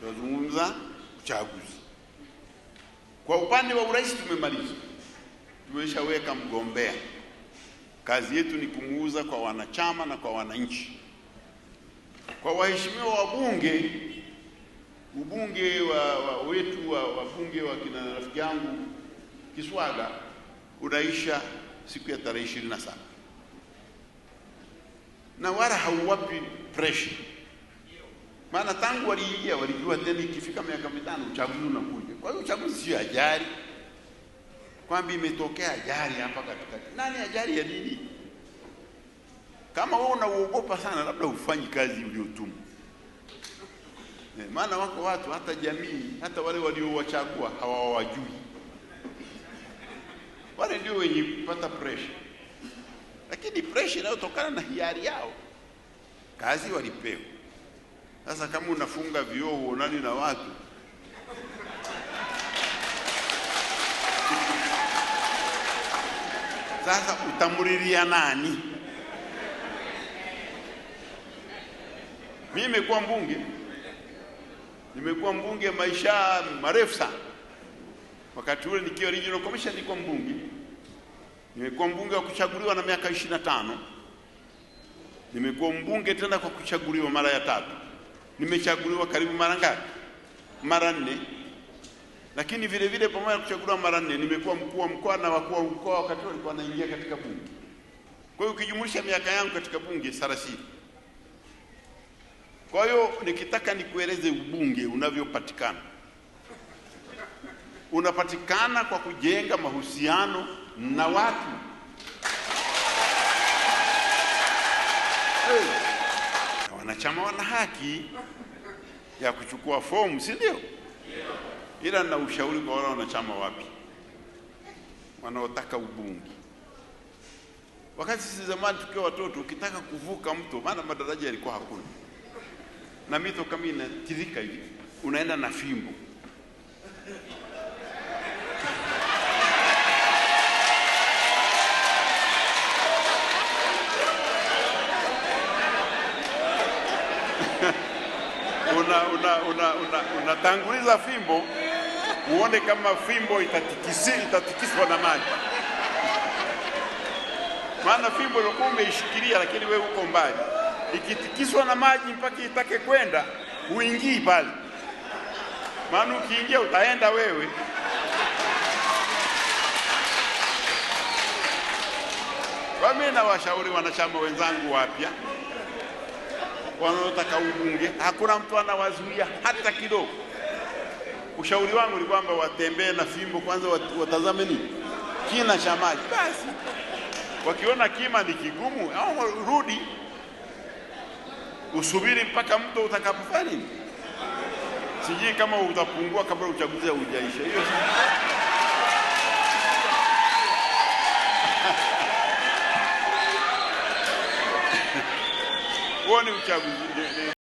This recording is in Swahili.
tunazungumza uchaguzi. Kwa upande wa urais tumemaliza, tumeshaweka mgombea. Kazi yetu ni kumuuza kwa wanachama na kwa wananchi. Kwa waheshimiwa wabunge, ubunge wa, wa wetu wa wabunge wa kina rafiki yangu Kiswaga unaisha siku ya tarehe ishirini na saba na wala hauwapi pressure maana tangu waliingia walijua tena ikifika miaka mitano uchaguzi unakuja. Kwa hiyo uchaguzi sio ajali, kwamba imetokea ajali hapa katikati. Nani ajali ya nini? Kama wewe unaogopa sana, labda ufanyi kazi uliotumwa. Eh, maana wako watu hata jamii, hata wale waliowachagua hawawajui, wale ndio wenye kupata pressure, lakini pressure inayotokana na hiari yao, kazi walipewa sasa kama unafunga vioo huonani na watu sasa utamuriria nani? Mimi nimekuwa mbunge, nimekuwa mbunge maisha marefu sana. Wakati ule nikiwa regional commission nilikuwa mbunge, nimekuwa mbunge wa kuchaguliwa na miaka ishirini na tano. Nimekuwa mbunge tena kwa kuchaguliwa mara ya tatu nimechaguliwa karibu mara ngapi? Mara nne. Lakini vile vile pamoja na kuchaguliwa mara nne, nimekuwa mkuu wa mkoa na wakuu wa mkoa wakati walikuwa wanaingia katika bunge. Kwa hiyo ukijumulisha miaka yangu katika bunge thelathini. Kwa hiyo nikitaka nikueleze ubunge unavyopatikana, unapatikana kwa kujenga mahusiano na watu chama wana haki ya kuchukua fomu, si ndio? Ila na ushauri kwa wale wanachama wapi wanaotaka ubunge. Wakati sisi zamani tukiwa watoto, ukitaka kuvuka mto, maana madaraja yalikuwa hakuna na mito kama inatirika hivi, unaenda na fimbo unatanguliza una, una, una, una fimbo uone kama fimbo itatikisi, itatikiswa na maji, maana fimbo ilikuwa umeishikilia, lakini wewe uko mbali, ikitikiswa na maji mpaka itake kwenda, uingii pale, maana ukiingia utaenda wewe. Kwa mimi nawashauri wanachama wenzangu wapya wanaotaka ubunge, hakuna mtu anawazuia hata kidogo. Ushauri wangu ni kwamba watembee na fimbo kwanza, watazame nini kina cha maji. Basi wakiona kima ni kigumu, au rudi usubiri mpaka mto utakapofanya nini, sijui kama utapungua kabla uchaguzi haujaisha. Hiyo uone uchaguzi